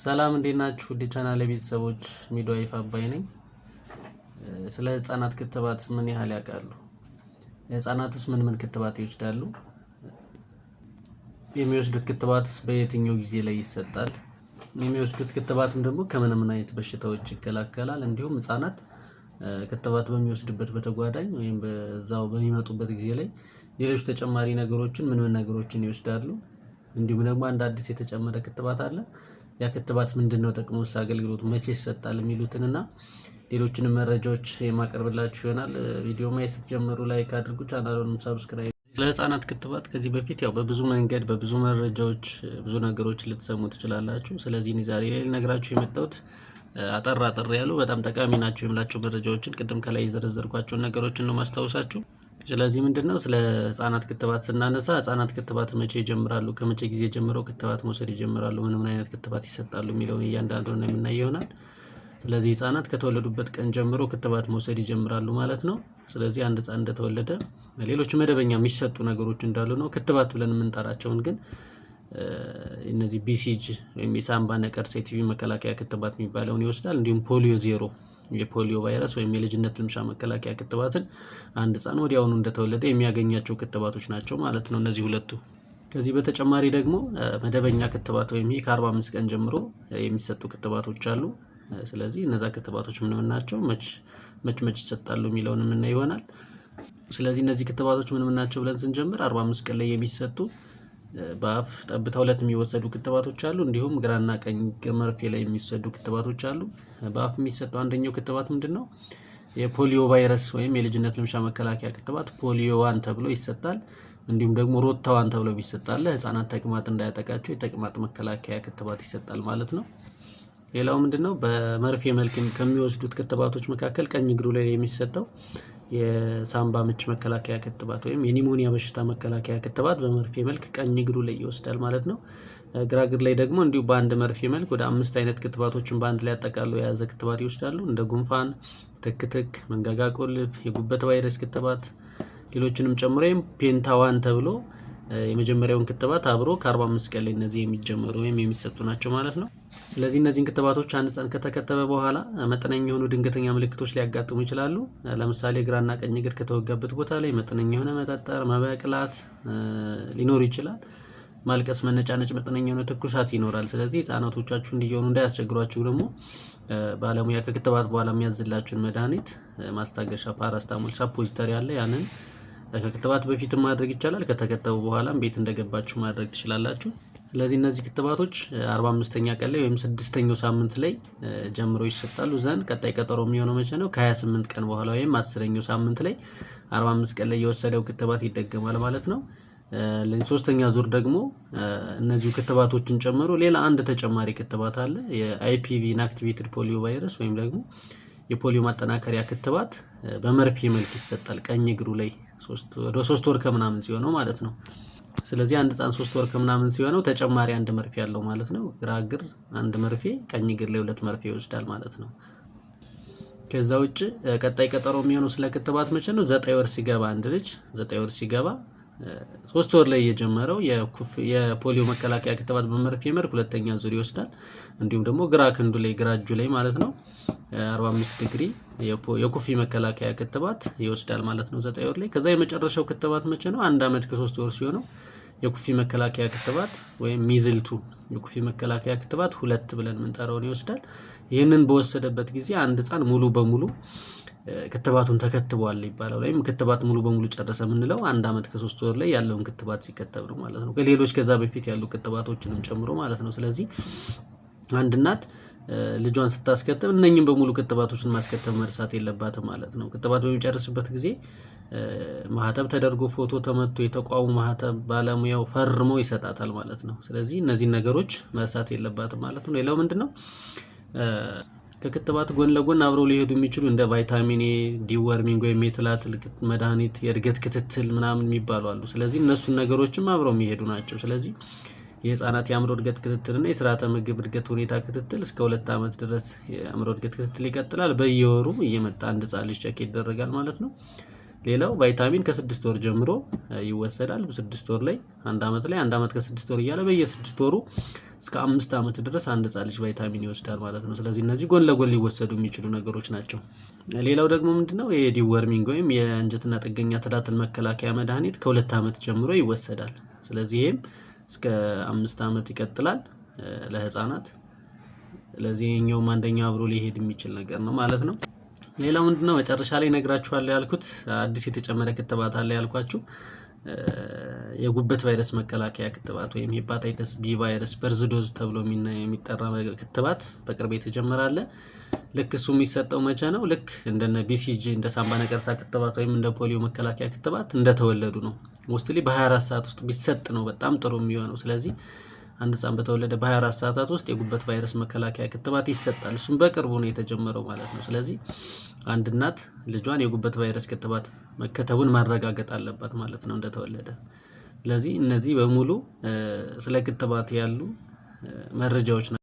ሰላም እንዴት ናችሁ? ውድ ቻናሌ ቤተሰቦች ሚድዋይፍ አባይ ነኝ። ስለ ህጻናት ክትባት ምን ያህል ያውቃሉ? ህጻናትስ ምን ምን ክትባት ይወስዳሉ? የሚወስዱት ክትባት በየትኛው ጊዜ ላይ ይሰጣል? የሚወስዱት ክትባትም ደግሞ ከምን ምን አይነት በሽታዎች ይከላከላል? እንዲሁም ህጻናት ክትባት በሚወስድበት በተጓዳኝ ወይም በዛው በሚመጡበት ጊዜ ላይ ሌሎች ተጨማሪ ነገሮችን ምን ምን ነገሮችን ይወስዳሉ? እንዲሁም ደግሞ አንድ አዲስ የተጨመረ ክትባት አለ ያ ክትባት ምንድን ነው ጥቅሙስ፣ አገልግሎቱ መቼ ይሰጣል የሚሉትንና ሌሎችንም መረጃዎች የማቀርብላችሁ ይሆናል። ቪዲዮ ማየት ስትጀምሩ ላይክ አድርጉ፣ ቻናሉንም ሳብስክራይብ ለህፃናት ክትባት ከዚህ በፊት ያው በብዙ መንገድ በብዙ መረጃዎች ብዙ ነገሮች ልትሰሙ ትችላላችሁ። ስለዚህ እኔ ዛሬ ላይ ልነግራችሁ የመጣሁት አጠር አጠር ያሉ በጣም ጠቃሚ ናቸው የምላቸው መረጃዎችን ቅድም ከላይ የዘረዘርኳቸውን ነገሮችን ነው ማስታወሳችሁ። ስለዚህ ምንድን ነው ስለ ህጻናት ክትባት ስናነሳ ህጻናት ክትባት መቼ ይጀምራሉ፣ ከመቼ ጊዜ ጀምሮ ክትባት መውሰድ ይጀምራሉ፣ ምንም አይነት ክትባት ይሰጣሉ የሚለውን እያንዳንዱ ነው የምናየ ይሆናል። ስለዚህ ህጻናት ከተወለዱበት ቀን ጀምሮ ክትባት መውሰድ ይጀምራሉ ማለት ነው። ስለዚህ አንድ ህጻን እንደተወለደ ሌሎች መደበኛ የሚሰጡ ነገሮች እንዳሉ ነው። ክትባት ብለን የምንጠራቸውን ግን እነዚህ ቢሲጅ ወይም የሳምባ ነቀርሳ የቲቪ መከላከያ ክትባት የሚባለውን ይወስዳል። እንዲሁም ፖሊዮ ዜሮ የፖሊዮ ቫይረስ ወይም የልጅነት ልምሻ መከላከያ ክትባትን አንድ ህፃን ወዲያውኑ እንደተወለደ የሚያገኛቸው ክትባቶች ናቸው ማለት ነው እነዚህ ሁለቱ። ከዚህ በተጨማሪ ደግሞ መደበኛ ክትባት ወይም ይህ ከ አምስት ቀን ጀምሮ የሚሰጡ ክትባቶች አሉ። ስለዚህ እነዛ ክትባቶች ምንምን ናቸው፣ መች መች ይሰጣሉ የሚለውን የምናይ ይሆናል። ስለዚህ እነዚህ ክትባቶች ምንም ናቸው ብለን ስንጀምር አምስት ቀን ላይ የሚሰጡ በአፍ ጠብታ ሁለት የሚወሰዱ ክትባቶች አሉ። እንዲሁም ግራና ቀኝ መርፌ ላይ የሚወሰዱ ክትባቶች አሉ። በአፍ የሚሰጠው አንደኛው ክትባት ምንድን ነው? የፖሊዮ ቫይረስ ወይም የልጅነት ልምሻ መከላከያ ክትባት ፖሊዮ ዋን ተብሎ ይሰጣል። እንዲሁም ደግሞ ሮታ ዋን ተብሎ ይሰጣል። ህጻናት ተቅማጥ እንዳያጠቃቸው የተቅማጥ መከላከያ ክትባት ይሰጣል ማለት ነው። ሌላው ምንድን ነው? በመርፌ መልክ ከሚወስዱት ክትባቶች መካከል ቀኝ እግሩ ላይ የሚሰጠው የሳምባ ምች መከላከያ ክትባት ወይም የኒሞኒያ በሽታ መከላከያ ክትባት በመርፌ መልክ ቀኝ እግሩ ላይ ይወስዳል ማለት ነው። ግራ እግር ላይ ደግሞ እንዲሁ በአንድ መርፌ መልክ ወደ አምስት አይነት ክትባቶችን በአንድ ላይ አጠቃሎ የያዘ ክትባት ይወስዳሉ። እንደ ጉንፋን፣ ትክትክ፣ መንጋጋ ቁልፍ፣ የጉበት ቫይረስ ክትባት ሌሎችንም ጨምሮ ፔንታዋን ተብሎ የመጀመሪያውን ክትባት አብሮ ከ45 ቀን ላይ እነዚህ የሚጀመሩ ወይም የሚሰጡ ናቸው ማለት ነው። ስለዚህ እነዚህን ክትባቶች አንድ ህፃን ከተከተበ በኋላ መጠነኛ የሆኑ ድንገተኛ ምልክቶች ሊያጋጥሙ ይችላሉ። ለምሳሌ ግራና ቀኝ እግር ከተወጋበት ቦታ ላይ መጠነኛ የሆነ መጠጠር፣ መበቅላት ሊኖር ይችላል። ማልቀስ፣ መነጫነጭ፣ መጠነኛ የሆነ ትኩሳት ይኖራል። ስለዚህ ሕፃናቶቻችሁ እንዲየሆኑ እንዳያስቸግሯችሁ ደግሞ ባለሙያ ከክትባት በኋላ የሚያዝላችሁን መድኃኒት ማስታገሻ ፓራስታሞል ሳፖዚተሪ ያለ ያንን ከክትባት በፊትም ማድረግ ይቻላል። ከተከተቡ በኋላም ቤት እንደገባችሁ ማድረግ ትችላላችሁ። ስለዚህ እነዚህ ክትባቶች አርባ አምስተኛ ቀን ላይ ወይም ስድስተኛው ሳምንት ላይ ጀምሮ ይሰጣሉ ዘንድ ቀጣይ ቀጠሮ የሚሆነው መቼ ነው? ከሀያ ስምንት ቀን በኋላ ወይም አስረኛው ሳምንት ላይ አርባ አምስት ቀን ላይ የወሰደው ክትባት ይደገማል ማለት ነው። ሶስተኛ ዙር ደግሞ እነዚሁ ክትባቶችን ጨምሮ ሌላ አንድ ተጨማሪ ክትባት አለ። የአይፒቪ ኢንአክቲቬትድ ፖሊዮ ቫይረስ ወይም ደግሞ የፖሊዮ ማጠናከሪያ ክትባት በመርፌ መልክ ይሰጣል። ቀኝ እግሩ ላይ ወደ ሶስት ወር ከምናምን ሲሆነው ማለት ነው። ስለዚህ አንድ ህፃን ሶስት ወር ከምናምን ሲሆነው ተጨማሪ አንድ መርፌ ያለው ማለት ነው። ግራ እግር አንድ መርፌ፣ ቀኝ እግር ላይ ሁለት መርፌ ይወስዳል ማለት ነው። ከዛ ውጭ ቀጣይ ቀጠሮ የሚሆነው ስለ ክትባት መቼ ነው? ዘጠኝ ወር ሲገባ አንድ ልጅ ዘጠኝ ወር ሲገባ ሶስት ወር ላይ የጀመረው የፖሊዮ መከላከያ ክትባት በመርፌ መልክ ሁለተኛ ዙር ይወስዳል። እንዲሁም ደግሞ ግራ ክንዱ ላይ ግራ እጁ ላይ ማለት ነው 45 ዲግሪ የኩፊ መከላከያ ክትባት ይወስዳል ማለት ነው ዘጠኝ ወር ላይ። ከዛ የመጨረሻው ክትባት መቼ ነው? አንድ አመት ከሶስት ወር ሲሆነው የኩፊ መከላከያ ክትባት ወይም ሚዝልቱ የኩፊ መከላከያ ክትባት ሁለት ብለን ምንጠራውን ይወስዳል። ይህንን በወሰደበት ጊዜ አንድ ህፃን ሙሉ በሙሉ ክትባቱን ተከትቧል ይባላል። ወይም ክትባት ሙሉ በሙሉ ጨረሰ የምንለው አንድ ዓመት ከሶስት ወር ላይ ያለውን ክትባት ሲከተብ ነው ማለት ነው። ከሌሎች ከዛ በፊት ያሉ ክትባቶችንም ጨምሮ ማለት ነው። ስለዚህ አንድ እናት ልጇን ስታስከትብ እነኝም በሙሉ ክትባቶችን ማስከተብ መርሳት የለባትም ማለት ነው። ክትባት በሚጨርስበት ጊዜ ማህተብ ተደርጎ ፎቶ ተመቶ የተቋሙ ማህተብ ባለሙያው ፈርሞ ይሰጣታል ማለት ነው። ስለዚህ እነዚህን ነገሮች መርሳት የለባትም ማለት ነው። ሌላው ምንድን ነው? ከክትባት ጎን ለጎን አብረው ሊሄዱ የሚችሉ እንደ ቫይታሚን ኤ፣ ዲወርሚንግ ወይም የትላት መድኃኒት፣ የእድገት ክትትል ምናምን የሚባሉ አሉ። ስለዚህ እነሱን ነገሮችም አብረው የሚሄዱ ናቸው። ስለዚህ የህፃናት የአእምሮ እድገት ክትትልና የስርዓተ ምግብ እድገት ሁኔታ ክትትል እስከ ሁለት ዓመት ድረስ የአእምሮ እድገት ክትትል ይቀጥላል። በየወሩ እየመጣ አንድ ህፃን ልጅ ይደረጋል ማለት ነው። ሌላው ቫይታሚን ከስድስት ወር ጀምሮ ይወሰዳል። ስድስት ወር ላይ አንድ ዓመት ላይ አንድ ዓመት ከስድስት ወር እያለ በየስድስት ወሩ እስከ አምስት ዓመት ድረስ አንድ ሕፃን ልጅ ቫይታሚን ይወስዳል ማለት ነው። ስለዚህ እነዚህ ጎን ለጎን ሊወሰዱ የሚችሉ ነገሮች ናቸው። ሌላው ደግሞ ምንድነው የዲወርሚንግ ወይም የእንጀትና ጥገኛ ትላትል መከላከያ መድኃኒት ከሁለት ዓመት ጀምሮ ይወሰዳል። ስለዚህ ይሄም እስከ አምስት ዓመት ይቀጥላል ለህፃናት። ለዚህኛውም አንደኛው አብሮ ሊሄድ የሚችል ነገር ነው ማለት ነው። ሌላው ምንድነው መጨረሻ ላይ ነግራችኋለሁ ያልኩት አዲስ የተጨመረ ክትባት አለ ያልኳችሁ የጉበት ቫይረስ መከላከያ ክትባት ወይም ሄፓታይተስ ቢ ቫይረስ በርዝዶዝ ተብሎ የሚጠራ ክትባት በቅርብ የተጀመራለ። ልክ እሱ የሚሰጠው መቼ ነው? ልክ እንደነ ቢሲጂ እንደ ሳምባ ነቀርሳ ክትባት ወይም እንደ ፖሊዮ መከላከያ ክትባት እንደተወለዱ ነው። ሞስትሊ በ24 ሰዓት ውስጥ ቢሰጥ ነው በጣም ጥሩ የሚሆነው። ስለዚህ አንድ ህፃን በተወለደ በ24 ሰዓታት ውስጥ የጉበት ቫይረስ መከላከያ ክትባት ይሰጣል። እሱም በቅርቡ ነው የተጀመረው ማለት ነው። ስለዚህ አንድ እናት ልጇን የጉበት ቫይረስ ክትባት መከተቡን ማረጋገጥ አለባት ማለት ነው እንደተወለደ። ስለዚህ እነዚህ በሙሉ ስለ ክትባት ያሉ መረጃዎች ናቸው።